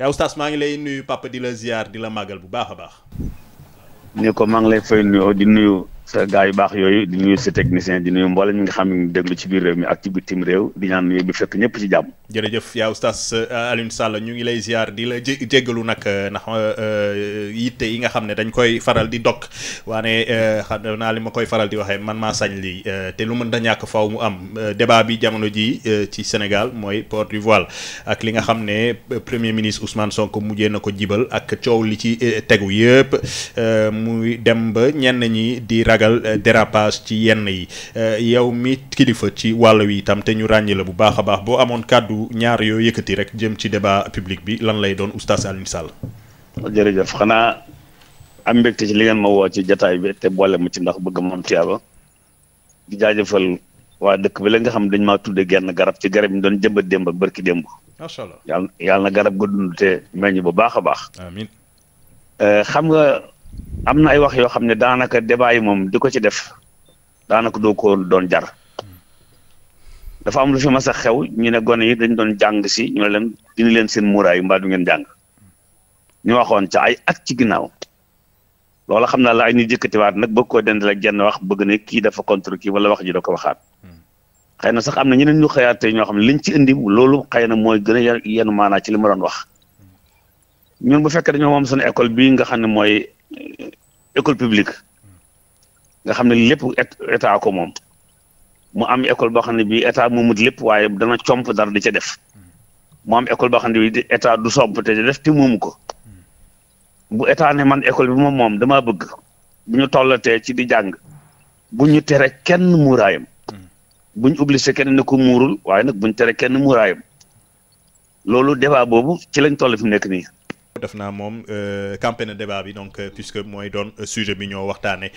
yaa oustaz maa ngi lay nuyu papa di la ziar di la màggal bu baax a baax. ni ko maa ngi lay fay nuyoo di nuyu. sa gaa yu baax yooyu di nuyu sa technicien di nuyu mboolem ñi nga xam dem déglu ci biir réew mi ak ci bitim réew di ñaan nuyu bi fekk ñëpp ci jàmm. jërëjëf yaa oustaz euh, Alioune Sall ñu ngi lay ziar di la jéggalu nag euh, ndax euh, yitte yi nga xam ne dañ koy faral di dog waane xam naa li ma koy faral di waxee man maa sañ lii te lu mën da ñàkk faw mu am débat bi jamono ji ci Sénégal mooy port du voile ak li nga xam ne premier ministre Ousmane Sonko mujjee na ko jibal ak coow li ci tegu yëpp muy dem ragal euh, dérapage ci yenn yi euh, yow mi kilifa ci wàll wi itam te ñu ràññee la bu baax a baax boo amoon kàddu ñaar yoo yëkkati rek jëm ci débat public bi lan lay doon oustaz Alioune Sall. jërëjëf xanaa am mbégte ci li ngeen ma woo ci jataay bi te boole ma ci ndax bëgg moom tiyaaba di jaajëfal waa dëkk ba la nga xam dañ maa tuddee genn garab ci garab yi doon jëmba démb ak barki démb. yal allah yàlla na garab ga dund te meññ bu baax a baax. amiin euh, xam nga. am na ay wax yoo xam ne daanaka débat yi moom di ko ci def daanaka doo ko doon jar dafa am lu fi mas a xew ñu ne gone yi dañ doon jàng si ñu ne leen dindi leen seen muuraay mbaa du ngeen jàng ñu waxoon ca ay at ci ginnaaw loola xam na la ay ñu jëkkatiwaat nag bëgg koo dend la genn wax bëgg ne kii dafa contre kii wala wax ji da ko waxaat xëy na sax am na ñeneen ñu xëyaat te ñoo xam ne liñ ci indi loolu xëy na mooy gën a maanaa ci li ma doon wax ñun bu fekkee mooy école publique nga xam ne lépp état ko moom mu am école boo xam ne bii état moomut lépp waaye dana comp dara di ca def mu am école boo xam ne bii état du somp te def ti moomu ko bu état ne man école bi moom moom damaa bëgg bu ñu tollatee ci di jàng bu ñu tere kenn muuraayam bu ñu obligé kenn ne muurul waaye nag bu ñu kenn muuraayam loolu débat boobu ci lañ toll fi mu nekk nii. def naa moom euh, campé na débat bi donc euh, puisque mooy doon euh, sujet bi ñoo waxtaane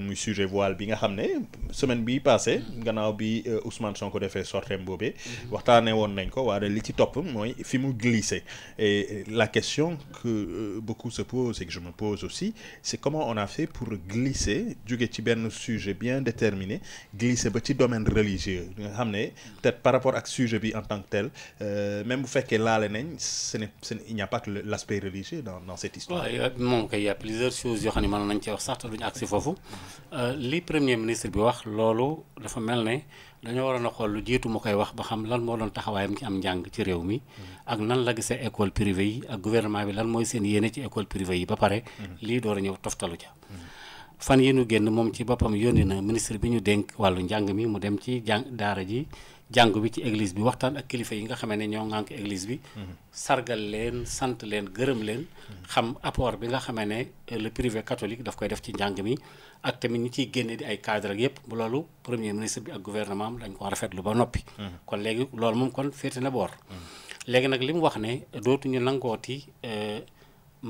muy sujet voile bi nga xam ne semaine bi passé gannaaw bi Ousmane ko defee sortem boobee waxtaanee woon nañ ko waaye li ci topp mooy fi mu glissé e la question que beaucoup se posent et que je me pose aussi c'est comment on a fait pour glisser jóge ci benn sujet bien déterminé glisser ba ci domaine bi nga xam ne peut par rapport ak sujet bi en tant que tel même bu fekkee laale nañ ce n'est l'aspect religieux dans dans cette histoire. waaw moom a plusieurs choses yoo xam euh, a xool lu jiitu la gisee école yi ak gouvernement bi lan mooy seen yéene ci école privée yi ba pare. lii door a toftalu ca. fan yi ñu génn moom ci boppam yónni ministre bi ñu dénk wàllu njàng mi mu dem ci jàng daara ji. jàngu bi ci église bi waxtaan ak kilifa yi nga xamee ne ñoo ŋànk église bi. Mhm. sargal leen sant leen gërëm leen. Mhm. xam apport bi nga xamee ne euh, le privé catholique daf koy def ci njàng mi ak tamit ñi ciy génne di ay cadre yépp bu loolu premier ministre bi ak gouvernement am dañ ko rafetlu ba noppi. Mhm. kon léegi loolu moom kon féete na boor. léegi nag li mu wax ne dootuñu nangooti. Euh,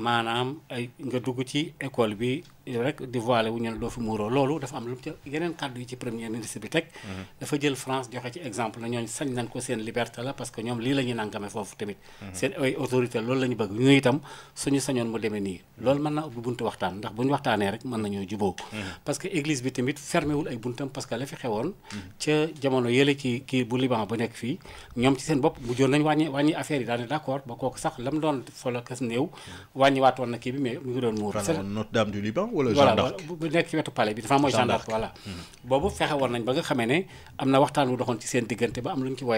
maanaam ay nga dugg ci école bi rek di voilé wu ñu ne doo fi muuroo loolu dafa am lu ca yeneen kàddu yi ci premier ministre bi teg. Mhm. dafa jël France joxe ci exemple la ñooñu sañ nañ ko seen liberté la parce que ñoom lii la ñuy nangame foofu tamit. Mhm. seen ay autorité loolu la ñu bëgg ñu itam ñu sañoon mu demee nii. loolu mën naa ubbi buntu waxtaan ndax bu ñu waxtaanee rek mën nañoo juboo mhm. parce que église bi tamit fermé wul ay buntam parce que la fi xewoon. ca jamono yële kii bu Liban ba nekk fii ñoom ci seen bopp mujjoon nañ wàññi wàññi affaire yi daal di d'accord ba kooku sax lam doon folo kas wàññiwaatoon na kii bi mais mu ngi doon muur Notre Dame du Liban wala Jeanne d'Arc bu nekk ci wetu palais bi dafa mooy Jeanne d'Arc voilà hmm. boobu fexe woon nañ ba nga xamee ne am na waxtaan wu doxoon ci seen diggante ba am lu ñu hmm.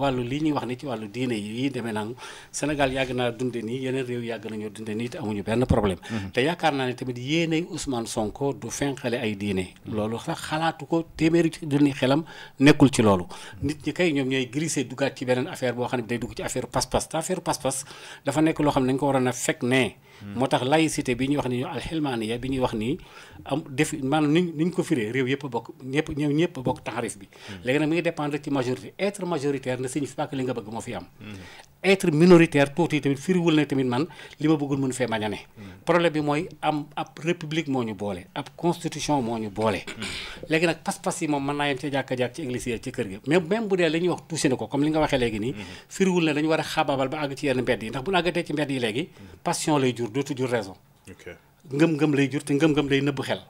wax ni ci wàllu diine yi yi demee naan yàgg naa dunde nii yeneen réew yàgg nañoo dunde nii te amuñu benn problème hmm. te yaakaar naa ne tamit yéene Ousmane Sonko du fenqale ay diine loolu sax xalaatu ko téeméeri junni xelam nekkul ci loolu nit ñi kay ñoom ñooy grisé dugaat ci beneen pas-pas te affaire pas dafa nekk loo xam ne dañ ko a fekk ne moo tax laïcité bi ñuy wax ni alxilmaaniya bi ñuy wax nii am def maanaam ni ni ko firee réew yëpp a bokk ñëpp ñëw ñëpp a bokk taxarif bi léegi nag mi ngi ci majorité être majoritaire ne signifie pas que li nga bëgg moo fi am être minoritaire tuuti tamit firiwul na tamit man li ma bëggul mun fee mañ problème bi mooy am ab république moo ñu boole ab constitution moo ñu boole léegi nag pas-pas yi moom mën naa yem ca jàkka jàkk ci église yi ci kër gi a xabaabal ba dootu jur raison. ngëm-ngëm lay jur te ngëm-ngëm day nëbb xel.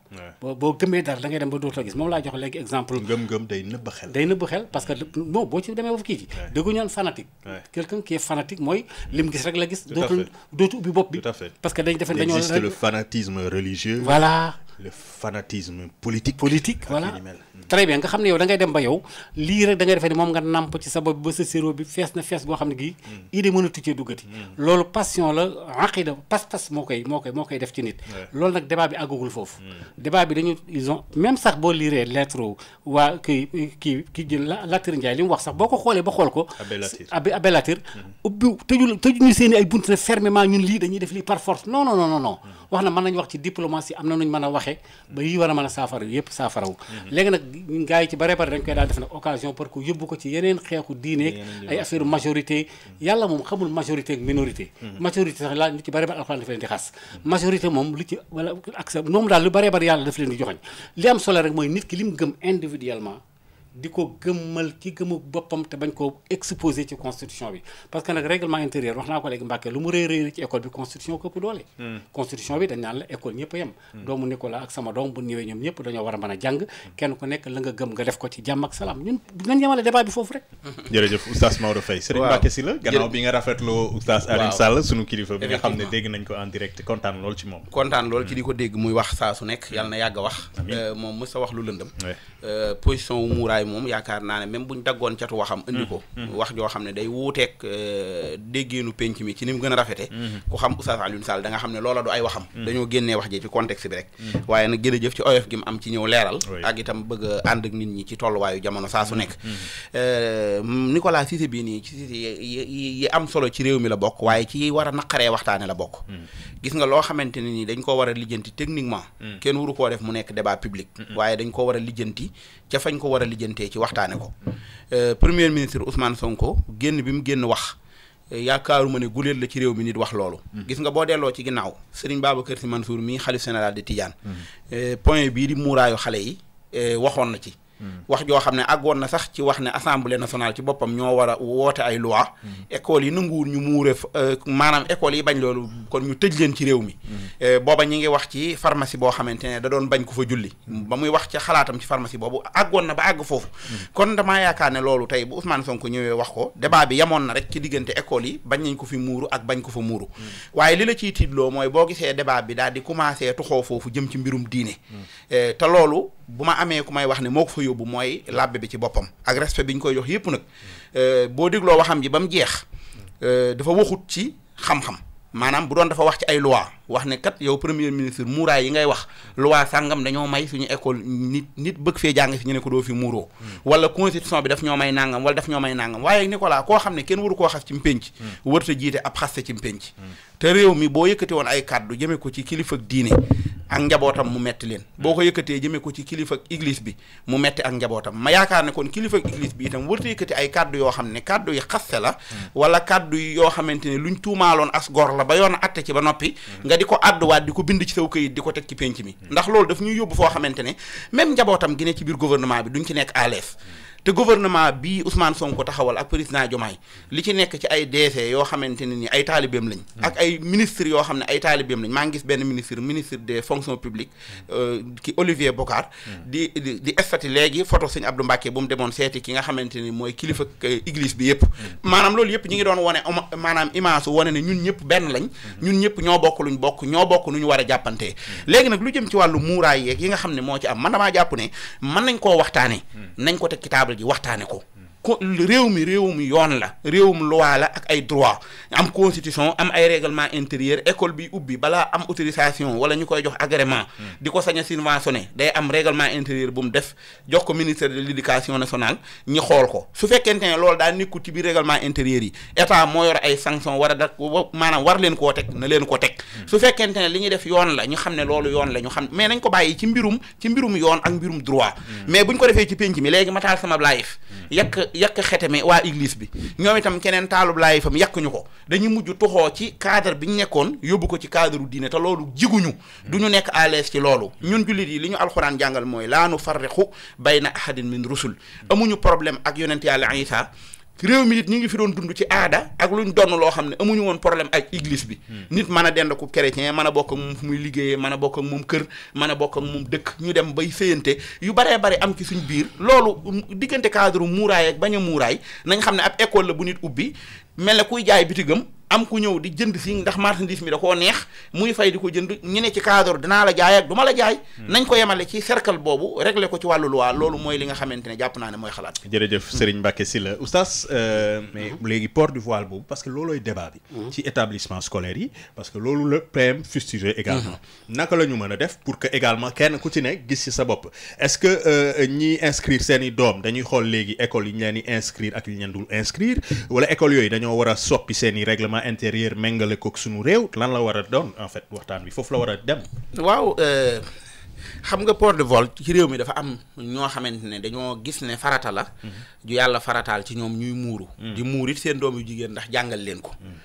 boo boo gëmee dara da ngay dem ba dootoo gis moom laa jox léegi exemple. ngëm-ngëm day nëbb xel. day nëbb xel parce que boo ci demee ba kii ci. dëggu ñoon fanatique. quelqu'un qui est mooy lim gis rek la gis. dootu ubbi bopp bi. parce que dañ defe dañoo. existe fanatisme religieux. fanatisme politique. politique voilà hmm. très bien nga xam ne yow da ngay dem ba yow lii rek da ngay defee ni moom nga nàmp ci sa bopp ba sa séro bi fees na fees goo xam ne gii. Hmm. idée mënatu cee duggati. Hmm. loolu passion la aqida pas-pas moo koy moo koy moo koy def ci nit. loolu nag débat bi àggagul foofu. débat bi dañu ils ont même sax boo liiree lettre waa kii kii kii jël Latir li mu wax sax boo ko xoolee ba xool ko. Abbé Abbé Latir ubbi tëjul tëjuñu a fexe ba yi war a mën a saafara yëpp saafarawu mhm. léegi nag gars yi ci bare bare dañ koy daal def nag occasion parce que yóbbu ko ci yeneen xeexu diineeg ay affaire majorité mhm. yàlla moom xamul majorité minorité mhm. majorité sax laa li ci bare bare alxuraan daf leen di xas majorité moom lu ci wala ak moom daal lu bare bare yàlla daf leen di joxoñ li am solo rek mooy nit ki li gëm individuellement di ko gëmmal ki gëmu boppam te bañ koo exposé ci constitution bi parce que nag règlement intérieur wax naa ko léegi Mbàkke lu mu réer réer ci école bi constitution ko ëpp doole. Hmm. constitution bi dañ naan la école ñëpp a yem. Hmm. doomu Nicolas ak sama doom bu ñëwee ñëpp dañoo war a mën a jàng hmm. kenn ku nekk la nga gëm nga def ko ci jàmm ak salaam ñun dinañ yemale débat bi foofu rek. jërëjëf oustaz Maodo Faye. waaw kilifa bi nga xam ne dégg nañ ko en direct kontaan lool ci moom. kontaan lool ci di ko wax saa su nekk yàlla na yàgg a wax euh, moom mës a wax lu lëndëm euh, position moom yaakaar naa ne même buñ daggoon catu waxam indi ko mm-hmm. Mm-hmm. wax joo xam ne day wuuteeg euh, déggeenu penc mi ci ni mu gën a rafete mm-hmm. ku xam Oustaz Alioune Sall xam ne loola du ay waxam dañoo génnee wax ji ci contexte bi rek waaye nag jërëjëf ci oyof gi am ci ñëw leeral ak itam bëgg a ak nit ñi ci tolluwaayu jamono saa su nekk euh, Nicolas Cissé bii nii ci Cissé yi am solo ci réew mi la bokk waaye ci war a naqaree waxtaane la bokk gis nga loo xamante ne ni dañ ko war a lijjanti techniquement kenn wuru koo def mu nekk débat public waaye dañ ko war a lijjanti ca fañ ko war a lijjantee ci waxtaane ko euh, premier ministre Ousmane Sonko génn bi mu génn wax euh, yaakaaruma ne guléet la ci réew mi nit wax loolu mm-hmm. gis nga boo delloo ci ginnaaw Serigne Babacar Sy Mansour mii xalif général de Tidiane mm-hmm. euh, point bii di muuraayu xale yi waxoon na ci wax joo xam ne àggoon na sax ci wax ne assemblée nationale ci boppam ñoo war woote ay loi mm-hmm. école yi nanguwul ñu muure euh, maanaam école yi bañ loolu kon ñu tëj leen ci réew mi mm-hmm. euh, booba ñi ngi wax ci pharmacie boo xamante ne da doon bañ ku fa julli mm-hmm. ba muy wax ci xalaatam ci pharmacie boobu àggoon na ba àgg foofu kon damaa yaakaar ne loolu tey bu Ousmane Sonko ñëwee wax ko débat bi yamoon na rek ci diggante école yi bañ nañ ko fi muuru ak bañ ko fa muuru waaye li la ciy tiitloo mooy boo gisee débat bi daal di commencé tuxoo foofu jëm ci mbirum diine euh, bu ma amee ku may wax ne moo ko fa yóbbu mooy làbbe bi ci boppam ak respect bi ñu koy jox yëpp nag euh, boo dégloo waxam ji ba mu jeex euh, dafa waxut ci xam-xam maanaam bu doon dafa wax ci ay loi wax ne kat yow premier ministre muuraay yi ngay wax loi sàngam dañoo may suñu école nit nit bëgg fee jàng si ñu ne ko doo fi muuroo hmm. wala constitution bi daf ñoo may nangam wala daf ñoo may nangam waaye Nicolas koo xam ne kenn waru koo xas ci mpénc hmm. wërta jiite ab xaste ci mpénc hmm. te réew mi boo yëkkati ay kàddu jëmee ko ci kilifa diine ak njabootam mu metti leen boo ko yëkkatee jëmee ko ci kilifa église bi mu metti ak njabootam ma yaakaar ne kon kilifa église bi itam warta yëkkati ay kàddu yoo xam ne kàddu yi xaste la wala kàddu yoo xamante ne luñ tuumaaloon as gor la ba yoon a atte ci ba noppi nga di ko àdduwaat di ko bind ci saw këyit di ko teg ci pénc mi ndax loolu daf ñuy yóbbu foo xamante ne même njabootam gi ne ci biir gouvernement bi duñ ci nekk à te gouvernement bii Ousmane Sonko taxawal ak président Diomaye li ci nekk ci ay DC yoo xamante ne ni ay taalibeem lañ. Mm. ak ay ministres yoo xam ne ay taalibeem lañ maa ngi gis benn ministre ministre des fonctions publiques mm. euh, ki Olivier Boccar. Mm. di di di estati léegi photo sëñ Abdou Mbacké bu mu demoon seeti ki nga xamante ni mooy kilifa euh, église bi yëpp. maanaam loolu yëpp ñi ngi doon wane maanaam image su wane ne ñun ñëpp benn lañ. ñun ñëpp ñoo bokk luñ bokk ñoo bokk nu war a jàppante léegi nag lu jëm ci wàllu muuraay yeeg yi nga xam ne moo ci am man damaa jàpp ne man nañ koo waxtaanee. nañ ko teg kitaab table ji waxtaane ko ko réew mi réewum yoon la réewum loi la ak ay droit am constitution am ay règlement intérieur école bi ubbi balaa am autorisation wala ñu koy jox agrément di ko sañ a subventionné day am règlement intérieur bu mu def jox ko ministère de l' éducation nationale ñi xool ko su fekkente ne loolu daa nekkul ci biir règlement intérieur yi état moo yor ay sanction war a da maanaam war leen koo teg na leen ko teg su fekkente ne li ñuy def yoon la ñu xam ne loolu yoon la ñu xam mais ko bàyyi ci mbirum ci mm. ci pénc mi léegi ma taal yàq xeteme waa église bi ñoom itam keneen taalub laay fam yàq ñu ko dañu mujj toxoo ci cadre bi ñu nekkoon yóbbu ko ci cadre diine te loolu jiguñu hmm. du ñu nekk à l'aise ci loolu ñun jullit yi li ñu alxuraan jàngal mooy laa nu farriqu bayna ahadin min rusul hmm. amuñu problème ak yonent yàlla saa réew mi it ñu ngi fi doon dund ci aada ak luñ donn loo xam ne amuñu woon problème ak église bi hmm. nit mën a dend ku chrétien mën a bokk ak moom fu muy liggéeyee mën a bokk ak moom kër mën a bokk ak moom dëkk ñu dem bay sëyante yu baree bare am ci suñ biir loolu um, diggante cadre muuraay ak bañ a muuraay nañ xam ne ab école la bu nit ubbi mel ne kuy jaay bitigam am ku ñëw di jënd fii ndax marchandise mi da koo neex muy fay di ko jënd ñu ne ci cadre dinaa la jaay ak du ma la jaay. Hmm. nañ ko yemale ci cercle boobu réglé ko ci wàllu loi loolu hmm. mooy li nga xamante ne jàpp naa ne mooy xalaat. jërëjëf Serigne Mbacké Sylla oustaz. Euh, hmm. mais léegi port du voile boobu parce que loolooy débat bi. ci établissement scolaire yi parce que loolu la PM fustigé également. naka la ñu mën a def pour que également kenn ku ci ne gis ci sa bopp est-ce que euh, ñiy inscrire seen i doom dañuy xool léegi école yi ñu leen di ak yu ñu leen wala école yooyu dañoo war a soppi seen i règlement règlement intérieur méngale kook suñu réew lan la war a doon en fait waxtaan bi foofu la war a dem. waaw euh, xam nga port de vol ci réew mi dafa am ñoo xamante ne dañoo gis ne farata la. Mhm. ju yàlla farataal ci ñoom ñuy muuru. Mhm. di muur it seen doom yu jigéen ndax jàngal leen ko. Mhm.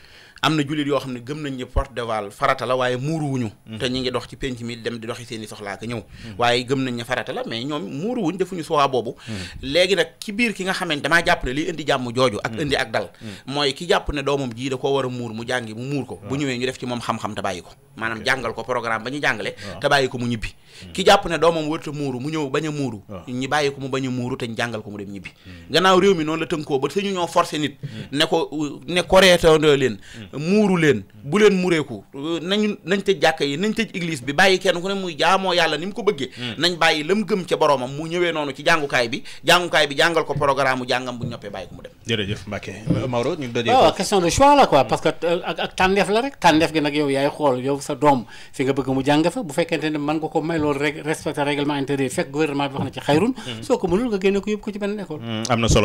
am na jullit yoo xam ne gëm nañ ne porte de val farata la waaye muuruwuñu mm-hmm. te ñu ngi dox ci penc mi dem di doxi seen i soxlaa ka ñëw mm-hmm. waaye gëm nañ ne farata la mais ñoom muuruwuñ defuñu soowaa boobu mm-hmm. léegi nag ci biir ki nga xamante damaa jàpp ne liy indi jàmm jooju ak indi ak dal mooy ki jàpp ne doomam jii da koo war muur mu jàngi mu muur ko bu ñëwee ñu def ci moom xam-xam te bàyyi ko maanaam jàngal ko programme ba ñu jàngale te bàyyi ko mu ñibbi hmm. ki jàpp ne doomam wërta muuru mu ñëw bañ a muuru ñi bàyyi ko mu bañ a muuru te ñu jàngal ko mu dem ñibbi hmm. gannaaw réew mi noonu la tënkoo ba suñu ñoo forcé nit hmm. ne ko ne koreetandoo leen muuru leen bu leen mureeku nañu nañ tëj jàkka yi nañ tëj église bi bàyyi kenn ku ne muy jaamoo yàlla ni mu ko bëggee nañ bàyyi la mu gëm ca boroomam mu ñëwee noonu ci jàngukaay bi jàngukaay bi jàngal ko programme mu jàngam bu ñoppee bàyyi ko mu dem jërëjëf Mbacke Maodo ñu dajee waaw question de choix la quoi parce que euh, ak ak tànneef la rek tànneef gi nag yow yaay xool yow sa doom fi nga bëgg mu jàng fa bu fekkente ne nga ko may loolu rek respecté règlement intérieur fekk gouvernement bi wax na ci xayrun mm-hmm. soo ko mënul nga génne ko yóbbu ko ci beneen école mm-hmm. am na solo